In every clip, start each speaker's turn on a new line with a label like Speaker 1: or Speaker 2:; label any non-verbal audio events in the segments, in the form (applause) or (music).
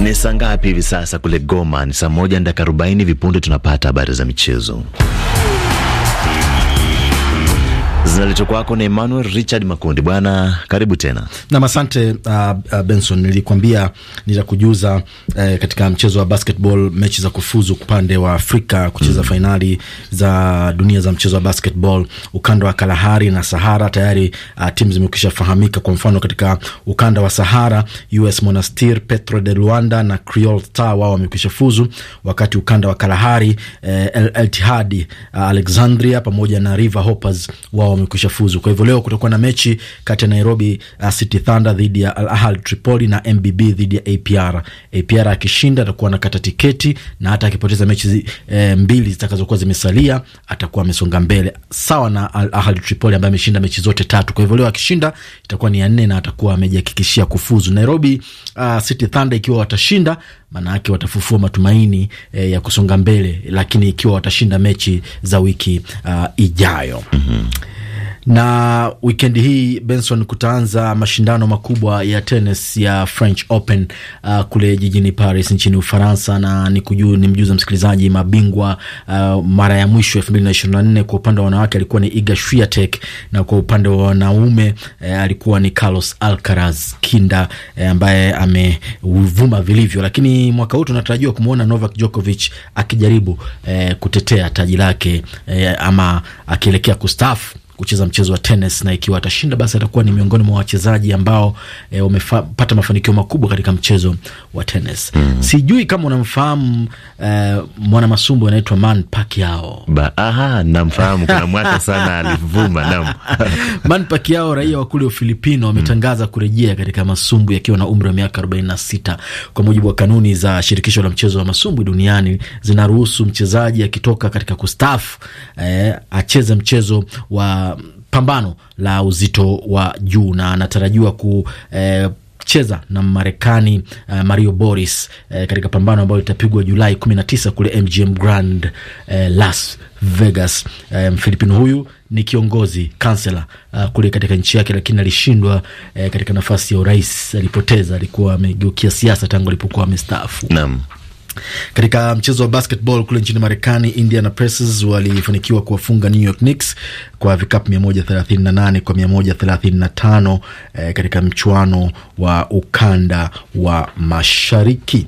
Speaker 1: Ni saa ngapi hivi sasa kule Goma? Ni saa moja na dakika arobaini. Vipunde tunapata habari za michezo zinaletwa kwako na Emmanuel Richard Makundi. Bwana, karibu tena
Speaker 2: nam. Asante uh, uh Benson, nilikwambia nitakujuza uh, katika mchezo wa basketball mechi za kufuzu upande wa Afrika kucheza mm, fainali za dunia za mchezo wa basketball ukanda wa Kalahari na Sahara tayari uh, timu zimekwisha fahamika. Kwa mfano katika ukanda wa Sahara, US Monastir, Petro de Luanda na Creole Star wao wamekwisha fuzu, wakati ukanda wa Kalahari eh, El Ittihad, uh, Alexandria pamoja na River Hoppers wao wamekwisha fuzu. Kwa hivyo leo kutakuwa na mechi kati ya Nairobi uh, City Thunder dhidi ya Al Ahly Tripoli na MBB dhidi ya APR. APR akishinda atakuwa anakata tiketi na hata akipoteza mechi e, mbili zitakazokuwa zimesalia atakuwa amesonga mbele, sawa na Al Ahly Tripoli ambaye ameshinda mechi zote tatu. Kwa hivyo leo akishinda itakuwa ni ya nne na atakuwa amejihakikishia kufuzu. Nairobi uh, City Thunder ikiwa watashinda maana yake watafufua matumaini e, ya kusonga mbele, lakini ikiwa watashinda mechi za wiki uh, ijayo mm -hmm. Na wikendi hii Benson, kutaanza mashindano makubwa ya tenis ya French Open uh, kule jijini Paris nchini Ufaransa, na ni kuju, ni msikilizaji mabingwa uh, mara ya mwisho elfu mbili na ishirini na nne kwa upande wa wanawake alikuwa ni Iga Swiatek, na kwa upande wa wanaume uh, alikuwa ni Carlos Alcaraz kinda uh, ambaye amevuma vilivyo, lakini mwaka huu tunatarajiwa kumwona Novak Djokovic akijaribu uh, kutetea taji lake uh, ama akielekea kustaafu kucheza mchezo wa tenis, na ikiwa atashinda basi atakuwa ni miongoni mwa wachezaji ambao e, wamepata mafanikio makubwa katika mchezo wa tenis. mm -hmm. Sijui kama unamfahamu e, eh, mwana masumbu anaitwa Man Pacquiao.
Speaker 1: Ba, aha, namfahamu kuna mwaka (laughs) sana alivuma nam (laughs)
Speaker 2: Man Pacquiao raia wa kule Ufilipino ametangaza mm -hmm. kurejea katika masumbu yakiwa na umri wa miaka 46 kwa mujibu wa kanuni za shirikisho la mchezo wa masumbu duniani zinaruhusu mchezaji akitoka katika kustafu e, eh, acheze mchezo wa pambano la uzito wa juu na anatarajiwa ku eh, cheza na Marekani uh, Mario Boris uh, katika pambano ambayo litapigwa Julai 19 kule MGM Grand uh, Las Vegas. Mfilipino Mfilipino huyu ni kiongozi kansela uh, kule katika nchi yake, lakini alishindwa uh, katika nafasi ya urais. Alipoteza, alikuwa amegeukia siasa tangu alipokuwa amestaafu. Naam. Katika mchezo wa basketball kule nchini Marekani, Indiana Pacers walifanikiwa kuwafunga New York Knicks kwa vikapu 138 kwa 135 eh, katika mchuano wa ukanda wa Mashariki.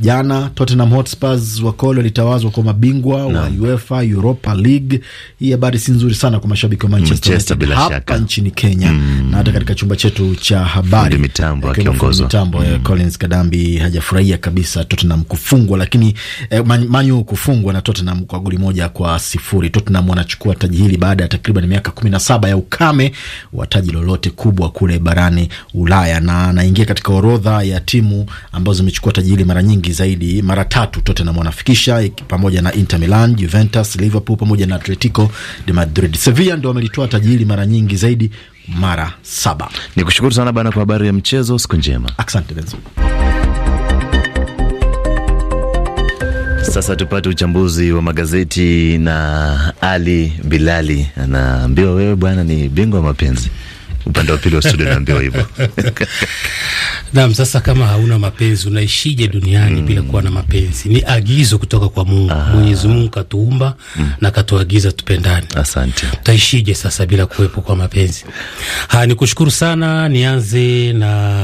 Speaker 2: Jana Tottenham Hotspurs wakole walitawazwa kwa mabingwa wa UEFA Europa League. Hii habari si nzuri sana kwa mashabiki wa Manchester, Manchester hapa nchini Kenya mm. na hata katika chumba chetu cha habari mitambo eh, mitambo eh, mm. Collins Kadambi hajafurahia kabisa Tottenham kufungwa, lakini eh, Manyu kufungwa na Tottenham kwa goli moja kwa sifuri. Tottenham wanachukua taji hili baada ya takriban miaka kumi na saba ya ukame wa taji lolote kubwa kule barani Ulaya, na anaingia katika orodha ya timu ambazo zimechukua taji hili mara nyingi nyingi zaidi, mara tatu Tottenham wanafikisha pamoja na Inter Milan, Juventus, Liverpool pamoja na Atletico de Madrid. Sevilla ndo wamelitoa tajiri mara nyingi zaidi, mara saba. Ni kushukuru sana bana kwa habari ya mchezo. Siku njema, asante Benzo.
Speaker 1: Sasa tupate uchambuzi wa magazeti na Ali Bilali. Anaambiwa wewe bwana ni bingwa wa mapenzi upande wa pili wa studio naambiwa hivyo. (laughs)
Speaker 3: Naam, sasa kama hauna mapenzi unaishije duniani mm. bila kuwa na mapenzi? Ni agizo kutoka kwa Mungu. Mwenyezi Mungu katuumba mm. na katuagiza tupendane. Asante. Utaishije sasa bila kuwepo kwa mapenzi? Ha, nikushukuru sana. Nianze na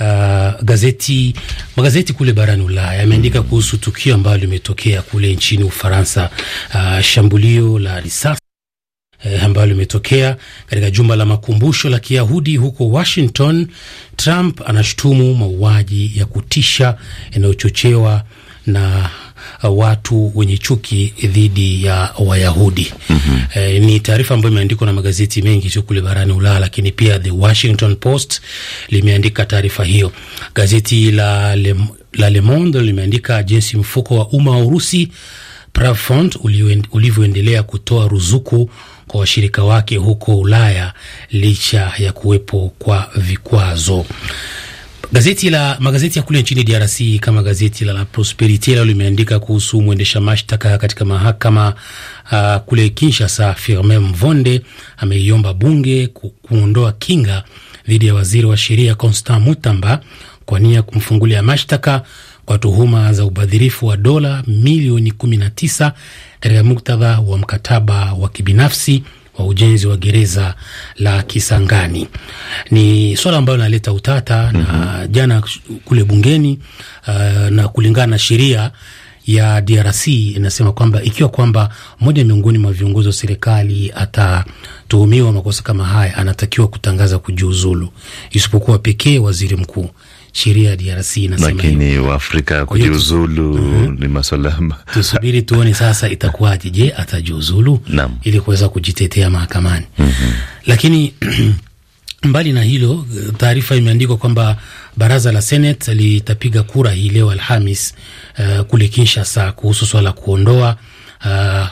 Speaker 3: Uh, gazeti magazeti kule barani Ulaya yameandika mm. kuhusu tukio ambalo limetokea kule nchini Ufaransa, uh, shambulio la risasi eh, ambayo limetokea katika jumba la makumbusho la Kiyahudi huko Washington. Trump anashutumu mauaji ya kutisha yanayochochewa na uh, watu wenye chuki dhidi ya Wayahudi. mm -hmm. E, ni taarifa ambayo imeandikwa na magazeti mengi sio kule barani Ulaya, lakini pia The Washington Post limeandika taarifa hiyo. Gazeti la Le, la Le Monde limeandika jinsi mfuko wa umma wa Urusi Pravfond ulivyoendelea kutoa ruzuku kwa washirika wake huko Ulaya licha ya kuwepo kwa vikwazo. Gazeti la magazeti ya kule nchini DRC kama gazeti la La Prosperite lao limeandika kuhusu mwendesha mashtaka katika mahakama uh, kule Kinshasa, Firmin Mvonde ameiomba bunge kuondoa kinga dhidi ya waziri wa sheria Constant Mutamba kwa nia ya kumfungulia mashtaka kwa tuhuma za ubadhirifu wa dola milioni 19 katika muktadha wa mkataba wa kibinafsi wa ujenzi wa gereza la Kisangani. Ni swala ambalo linaleta utata mm -hmm. na mhm. jana kule bungeni uh, na kulingana na sheria ya DRC inasema kwamba ikiwa kwamba mmoja miongoni mwa viongozi wa serikali atatuhumiwa makosa kama haya, anatakiwa kutangaza kujiuzulu, isipokuwa pekee waziri mkuu sheria ya DRC inasema, lakini
Speaker 1: Waafrika kujiuzulu uh mhm. -huh. ni masuala
Speaker 3: tusubiri tuone sasa itakuwaje. Je, atajiuzulu ili kuweza kujitetea mahakamani? mm -hmm. Lakini (clears throat) mbali na hilo, taarifa imeandikwa kwamba baraza la Senate litapiga kura hii leo Alhamis uh, kule Kinshasa kuhusu swala kuondoa uh,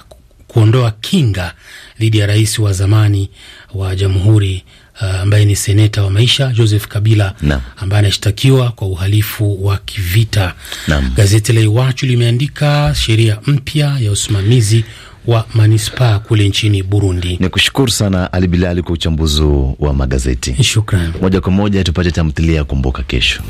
Speaker 3: kuondoa kinga dhidi ya rais wa zamani wa jamhuri Uh, ambaye ni seneta wa maisha Joseph Kabila ambaye anashtakiwa kwa uhalifu wa kivita Gazeti la Iwachu limeandika sheria mpya ya usimamizi wa manispaa kule nchini Burundi.
Speaker 1: Ni kushukuru sana Ali Bilali kwa uchambuzi wa magazeti. Shukran. Moja kwa moja tupate tamthilia ya Kumbuka Kesho.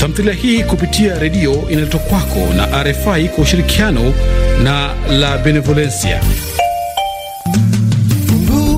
Speaker 4: Tamthilia hii kupitia redio inaletwa kwako na RFI kwa ushirikiano na La Benevolencia.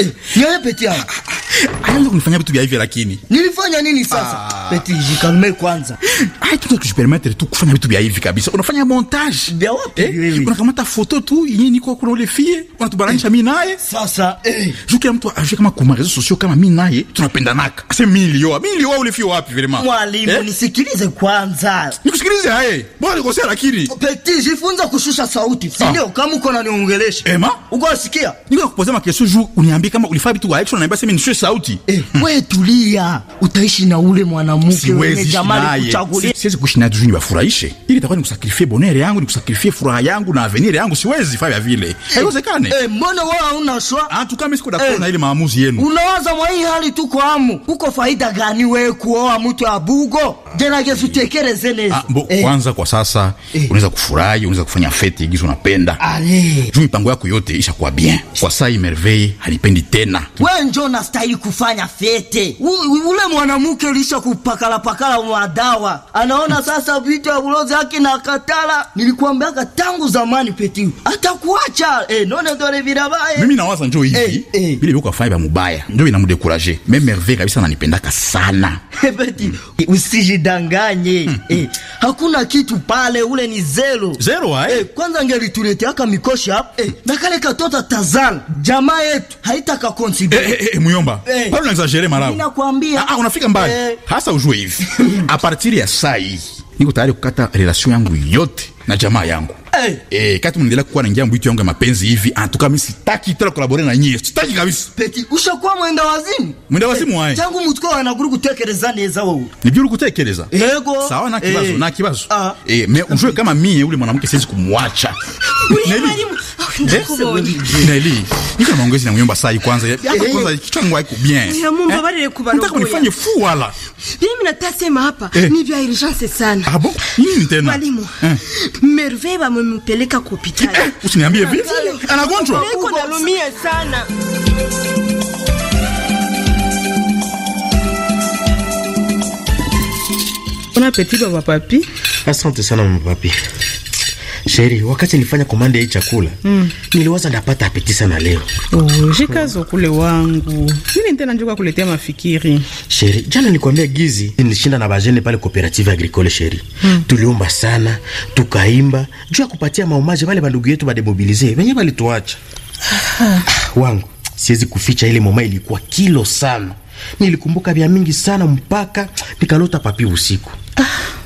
Speaker 5: Eh, ni wewe peti
Speaker 4: yangu. Anaanza kunifanya vitu vya hivyo lakini.
Speaker 6: Nilifanya nini
Speaker 7: sasa?
Speaker 4: Ah. Peti, jikalme kwanza. Hai tu kujipermettre tu kufanya vitu vya hivi kabisa. Unafanya montage. Ndio wapi? Eh? Unakamata photo tu yenyewe niko kuna ule fie, unatubananisha eh. Mimi naye. Sasa eh. Jukia mtu ajue kama kwa rezo sosio kama mimi naye tunapendanaka. Ase mimi nilioa. Mimi nilioa ule fie wapi vile mama? Mwalimu eh?
Speaker 6: Nisikilize
Speaker 4: kwanza. Nikusikilize haye. Bora nikosea lakini. Peti, jifunza kushusha sauti. Ah. Ndio ah. kama uko unaniongelesha. Ema? Eh, uko usikia? Niko kukupoza ma juu jour uniambie niambie kama ulifaa vitu wa action, naambia sema nishoe sauti eh.
Speaker 6: Hmm. Wewe tulia, utaishi na ule mwanamke wewe, jamaa kuchagulia. Siwezi
Speaker 4: si, kuishi naye duniani wafurahishe, ili itakuwa ni kusakrifie bonheur yangu, ni kusakrifie furaha yangu na avenir yangu. Siwezi fanya vile, eh, haiwezekane. Eh, mbona wewe hauna shwa? Ah, tukame siku dakika eh, na ile maamuzi yenu.
Speaker 6: Unawaza mwa hii hali tuko amu, uko faida gani wewe kuoa mtu abugo? Jana Yesu tekeleze nezi. Ah, mbo, eh.
Speaker 4: kwanza kwa sasa unaweza kufurahi, unaweza kufanya feti gizo unapenda. Ah, Juu mipango yako yote ishakuwa bien. Kwa saa hii merveille halipendi mimi tena.
Speaker 6: We njo unastahili kufanya fete. Ule mwanamke lisha kupakala pakala madawa, anaona sasa vitu ya ulozi yake na katala. Nilikwambiaka tangu zamani peti
Speaker 7: atakuacha eh, none dole virabaye. Mimi nawaza njo hivi eh,
Speaker 4: eh. Bile yuko afanya mubaya njo ina inamdekuraje. Mimi Merve kabisa ananipendaka sana
Speaker 6: (laughs) eh, peti mm. Usijidanganye hmm, hmm. Eh, hakuna kitu pale, ule ni zero zero eh. Eh, kwanza angelituleteaka mikoshi hapo eh, na kale katota tazana jamaa yetu haita nataka contribute. Eh, eh,
Speaker 4: eh, Muyomba. Eh. Paulo exagere mara. Ninakwambia. Ah, ah, unafika mbali. Eh. Hasa ujue hivi. (laughs) A partir ya saa hii niko tayari kukata relation yangu yote na jamaa yangu hey. Eh, kati mnaendelea kuwa na njambo yangu ya mapenzi hivi, antuka mimi sitaki tena kolabore na nyie, sitaki kabisa. Peki ushakuwa mwenda wazimu, mwenda wazimu wae tangu mutko ana guru kutekeleza neza wewe, ni byo kutekeleza
Speaker 6: yego, sawa na kibazo hey.
Speaker 4: na kibazo ah. Eh, me unjue kama mimi yule mwanamke siwezi kumwacha Neli, (laughs) Neli, eh? niko na maongezi na saa hii kwanza. Hapo kwanza kichwa ngwa iko bien. Mungu eh? bali bale kubaroka. Nataka kunifanye fu wala.
Speaker 8: Mimi natasema hapa eh. ni vya urgence sana. Ah
Speaker 4: bon? Nini tena? Mwalimu.
Speaker 8: merveille wamempeleka kupitali.
Speaker 4: Eh, usiniambie vipi?
Speaker 8: Anagonjwa? Niko nalumia sana.
Speaker 6: Bon appétit, papa papi. Asante sana mama papi. Sheri, wakati nilifanya komanda hii chakula mm, niliwaza ndapata apeti sana leo. Oh, jikazo kule wangu nini tena njoka kuletea mafikiri. Sheri, jana nilikwambia gizi nilishinda na bajene pale cooperative agricole Sheri. Mm. Tuliomba sana, tukaimba, juu ya kupatia maumaji wale bandugu yetu bademobilize, wenyewe walituacha. Ah, wangu, siwezi kuficha ile mama ilikuwa kilo sana. Nilikumbuka vya mingi sana mpaka nikalota papi usiku. Ah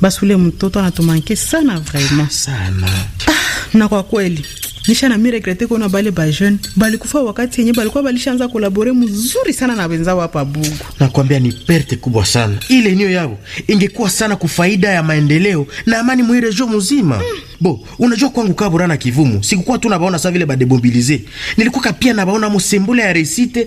Speaker 6: basi ule mtoto anatumanke sana vraiment sana. Ah, na kwa kweli nisha na mi regrete kuona bale ba jeune balikufa wakati yenye balikuwa balishaanza kolabore mzuri sana na wenzao hapa Bugu. Nakwambia ni perte kubwa sana ile niyo yao, ingekuwa sana kufaida ya maendeleo na amani mwirejeo mzima mm. Bo, unajua kwangu kaa burana kivumu. Sikukuwa tu nabaona sa vile bademobilize. Nilikuwa pia nabaona mo sembole ya resite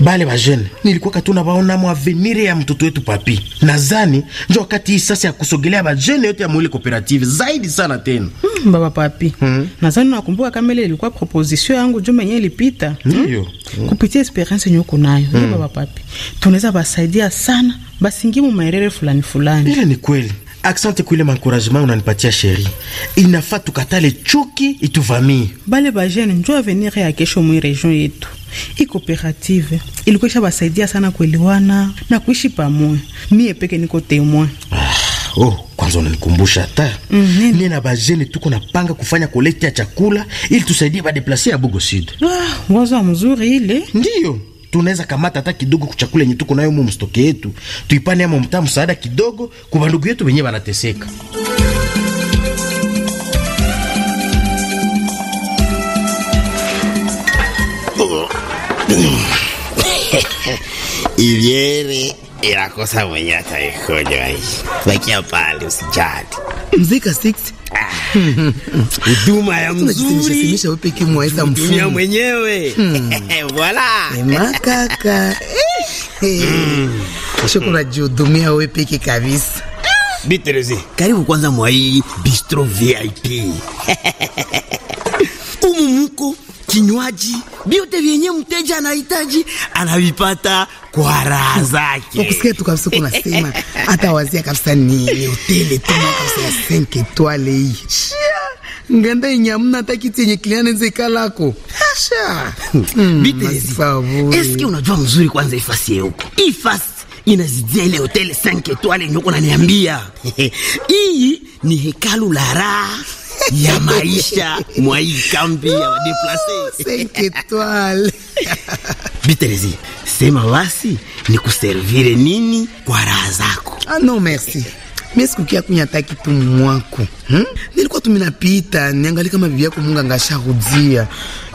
Speaker 6: bale ba jeune. Nilikuwa tu nabaona mo avenire ya mtoto wetu papi. Nadhani njo wakati hii sasa ya kusogelea ba jeune yote ya mwile kooperative. zaidi sana tena. Hmm, baba papi. Hmm. Nadhani nakumbuka kama ile ilikuwa proposition yangu jume yenyewe ilipita. Ndio. Hmm? Kupitia experience nyoko kunayo. Hmm. Baba papi. Tunaweza basaidia sana basi ngimu maerere fulani fulani. Ile ni kweli. Aksante kuile mankurajema unanipatia sheri, inafaa tukatale chuki ituvamii. Bale bajene njo avenir ya kesho mwi region yetu. I cooperative ilikuwa ishabasaidia sana kuelewana na kuishi pamoja. Mie peke niko temoin. Ah, oh, kwanza unanikumbusha hata mm -hmm. Mie na bajene tuko napanga kufanya kolekti ya chakula ili tusaidie badeplase ya Bugo Sud. Ah, wazo mzuri ile. Ndiyo tunaweza kamata hata kidogo kuchakula yenye tuko nayo mu mstoke yetu, tuipane ama mtaa msaada kidogo kwa bandugu yetu wenyewe wanateseka. (coughs) Ivyere irakosa mwenye ataikoja hii. Bakia usijali. Mzika Ah. huduma ya mzuri dunia mwenyewe wala makaka kesho kuna jihudumia wewe peke kabisa. Biterezi, karibu kwanza mwa hii bistro VIP.
Speaker 7: (laughs) Umu muko kinywaji vyote vyenye mteja anahitaji
Speaker 6: anavipata kwa raha zake. Ukusikia tu kabisa kunasema hata wazia kabisa ni hoteli tu kabisa ya 5 hii nganda yenye amna hata kiti yenye kiliana nze kalako hasha mm, eski unajua
Speaker 7: mzuri kwanza ifasi yeuko
Speaker 6: ifasi inazidia ile hoteli 5 etoile yenye
Speaker 7: naniambia (laughs) hii ni hekalu la raha ya maisha mwa hii
Speaker 6: kambi ya wadeplase eetoile oh, Biterezi, (laughs) sema basi ni kuservire nini kwa raha zako? Ah, no merci mimi sikukia kunya hata kitu mwako hmm? Nilikuwa tuminapita niangalie kama bibi yako Munga ngasharudia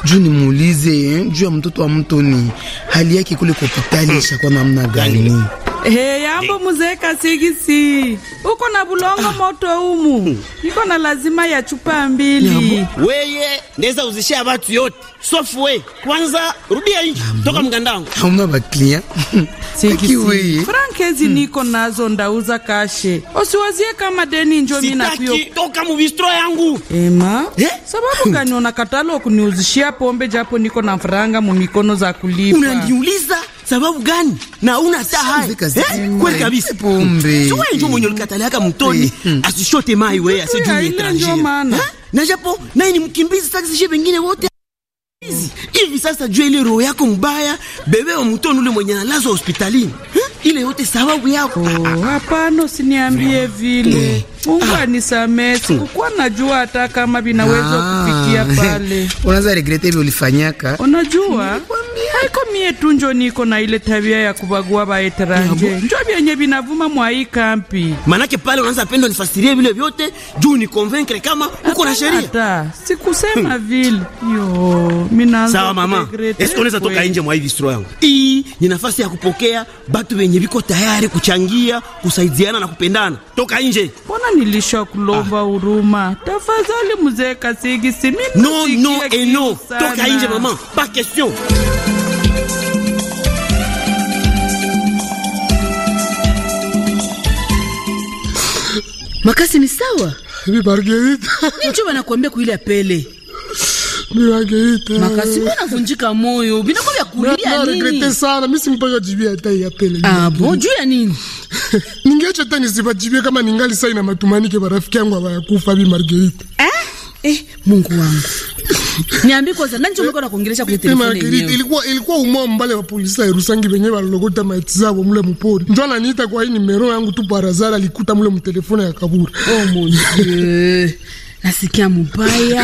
Speaker 6: juu nimuulize eh? juu ya mtoto wa mtu ni hali yake kule kopitali hmm. ishakuwa namna gani? Yaani,
Speaker 7: He, yambo mzee Kasigisi, uko na bulongo ah. moto umu iko na lazima ya chupa mbili. Weye ndeza uzishia batu yote sofu we kwanza rudia inji toka mgandangu
Speaker 6: hamna baklia
Speaker 7: frankezi hmm. niko nazo ndauza kashe osiwazie kama deni njo mina kuyo sitaki toka mu yangu ema eh? sababu hmm. gani unakatalo kuniuzishia pombe japo niko na franga mumikono za kulipa unaniuliza sababu gani? na una saha eh, kweli kabisa pombe tu wewe mwenye ulikatalia kama mtoni eh, hmm. asishote mai wewe asijui etrangere eh? na japo naye ni mkimbizi sasa, sisi wengine wote hivi sasa. Jua ile roho yako mbaya, bebe wa mtoni ule mwenye analazwa hospitalini, eh? ile yote sababu yako. Oh, hapana, usiniambie vile Mungu ah, hmm. Kukuwa sikukuwa najua hata kama vinaweza ah. kufikia pale.
Speaker 8: Unaanza regrete hivi ulifanyaka,
Speaker 7: unajua haiko mie tu njo niko na ile tabia ya kubagua baetranje njo vyenye vinavuma mwa hii kampi. Manake pale unaanza pendo nifasirie vile vyote juu ni convaincre kama uko na sheria. Hata sikusema hmm. vile yo minaanza. Sawa mama, esko unaweza toka nje mwa hii distro yangu. Hii ni nafasi ya kupokea batu wenye viko tayari kuchangia, kusaidiana na kupendana. Toka nje. Bona nilishakulomba ah. huruma ah. Tafadhali mzee Kasigi, si mimi. No, no et no, toka nje mama, pas question.
Speaker 8: Makasi ni sawa? Ni Margarita. Ni njoo wanakuambia kuila pele. Ni Margarita. Makasi mbona vunjika moyo? Binakuwa vya kulia nini? Na regrete sana, mimi simpaka jibia hata ya pele. Ah, bon, juu ya nini? (laughs) ningeacha hata nisipajibie kama ningali sai na matumani ke barafiki yangu hawayakufa bi Margarita. Eh? Eh, Mungu wangu. (laughs) Niambie kwanza nani chomeko na kuongelesha kwenye eh, telefoni yenyewe? Margarita ilikuwa ilikuwa umwa mbale wa polisi ya Rusangi benye balogota maiti zao mule mpori. Ndio ananiita kwa hii nimero yangu tu barazara alikuta mule mtelefoni ya kaburi. Oh mon (laughs) Dieu nasikia mubaya.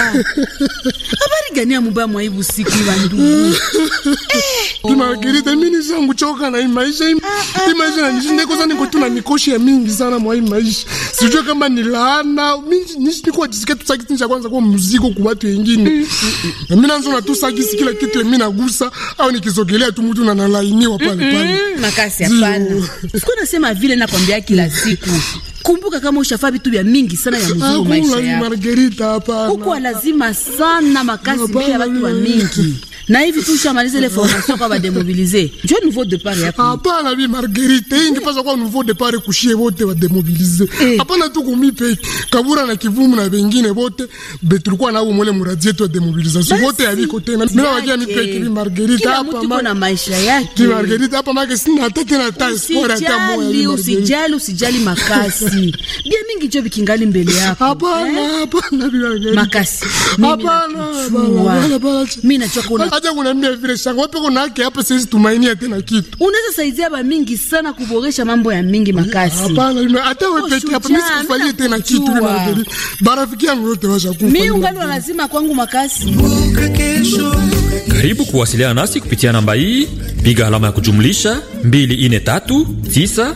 Speaker 8: (laughs) habari gani ya mubaya mwa hivu siku wa ndugu tunaakirita (laughs) eh. mini zangu choka na hii maisha hii ah, ah, maisha ah, nanishinda kosa niko tu na mikoshi ya mingi sana mwa hii maisha sijue kama ni laana nishi jisikia tu tusakisi cha kwanza kuwa mzigo kwa watu wengine mm, mm, nami nanzo natusakisi kila kitu emi nagusa au nikizogelea tu mtu na nalainiwa pale mm, pale makasi hapana sikuwa nasema vile nakwambia kila siku (laughs) Kumbuka kama ushafaa vitu vya mingi sana ya mzuri maisha yako. Huko lazima sana makasi mbele ya watu wa mingi na hivi tushamaliza ile formation kwa bademobilize njo nouveau depart yako. Ah, hapana bi Marguerite, hii eh, ingepaswa kwa nouveau depart kushie wote bademobilize. Hapana tu kumipe Kabura na Kivumu na wengine wote betulikuwa na mwele muradi yetu ya demobilization wote yabiko tena. Mimi wajia mipe kibi Marguerite hapa ma na maisha yake. Ki Marguerite hapa ma kesi na tete na tai score hata moja. Usijali, usijali makasi. (laughs) Bia mingi jo vikingali mbele yako. Hapana, ah, hapana eh? bi Marguerite. Makasi. Hapana, ah, hapana. Mimi nachoka kaja kunambia vile shanga wapi kuna haki hapa, sisi tumainia tena kitu. Unaweza saidia ba mingi sana kuboresha mambo ya mingi makasi. Hapana, hata wewe oh, peke hapa mimi sikufanyia tena kitu kama vile. Barafiki yangu wote washakufa. Mimi ungali lazima kwangu makasi.
Speaker 3: Karibu kuwasiliana nasi kupitia namba hii, piga alama ya kujumlisha 243 9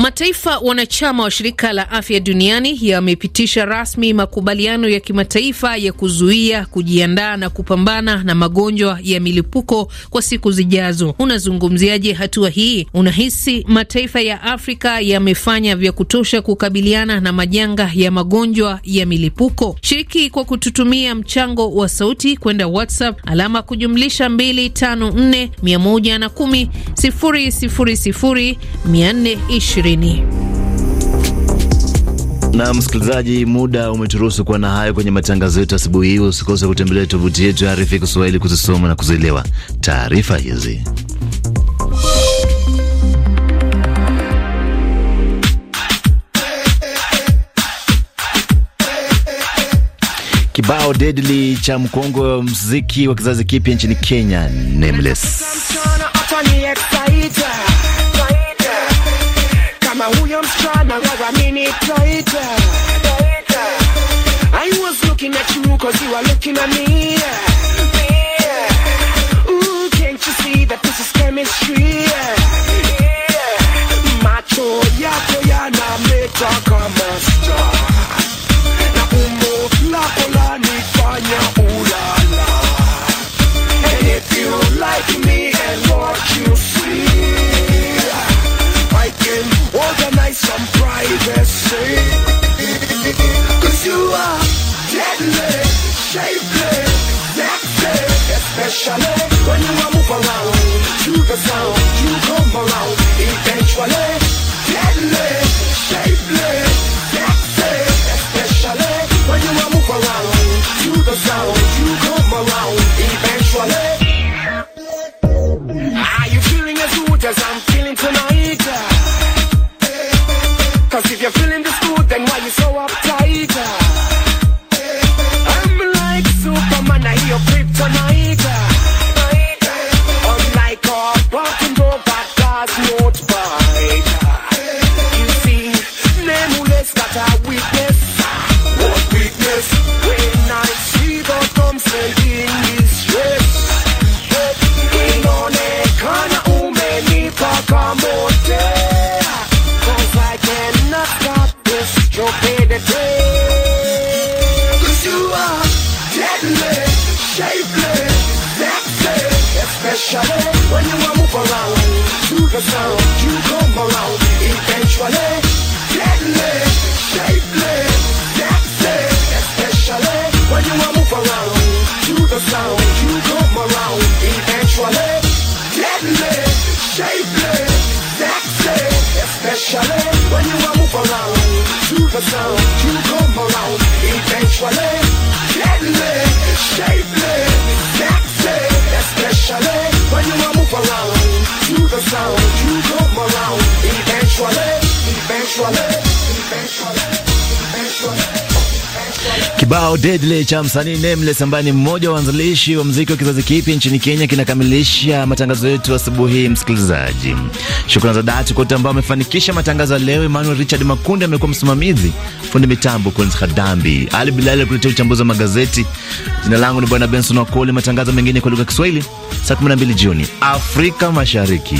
Speaker 8: Mataifa wanachama wa shirika la afya duniani yamepitisha rasmi makubaliano ya kimataifa ya kuzuia, kujiandaa na kupambana na magonjwa ya milipuko kwa siku zijazo. Unazungumziaje hatua hii? Unahisi mataifa ya Afrika yamefanya vya kutosha kukabiliana na majanga ya magonjwa ya milipuko? Shiriki kwa kututumia mchango wa sauti kwenda WhatsApp alama kujumlisha 254 110 000 420 ishirini.
Speaker 1: Na msikilizaji, muda umeturuhusu kuwa na hayo kwenye matangazo yetu asubuhi hii. Usikose kutembelea tovuti yetu ya RFI Kiswahili kuzisoma na kuzielewa taarifa hizi. Kibao deadly cha mkongwe wa mziki wa kizazi kipya nchini Kenya, Nameless.
Speaker 5: tighter. I was looking at you cause you are looking at me. Yeah. Ooh, can't you see that this is chemistry? Yeah. Macho, ya, ya, na,
Speaker 1: kibao Deadly cha msanii Nameless ambaye ni mmoja wa wanzilishi wa muziki wa kizazi kipya nchini Kenya kinakamilisha matangazo yetu asubuhi. Msikilizaji, shukrani za dhati kwa wote ambao wamefanikisha matangazo ya leo. Emmanuel Richard Makunde amekuwa msimamizi, fundi mitambo Collins Khadambi, Ali Bilal alikuletea uchambuzi wa magazeti. Jina langu ni Bwana Benson Wakoli. Matangazo mengine kwa
Speaker 5: lugha ya Kiswahili saa 12 jioni Afrika Mashariki.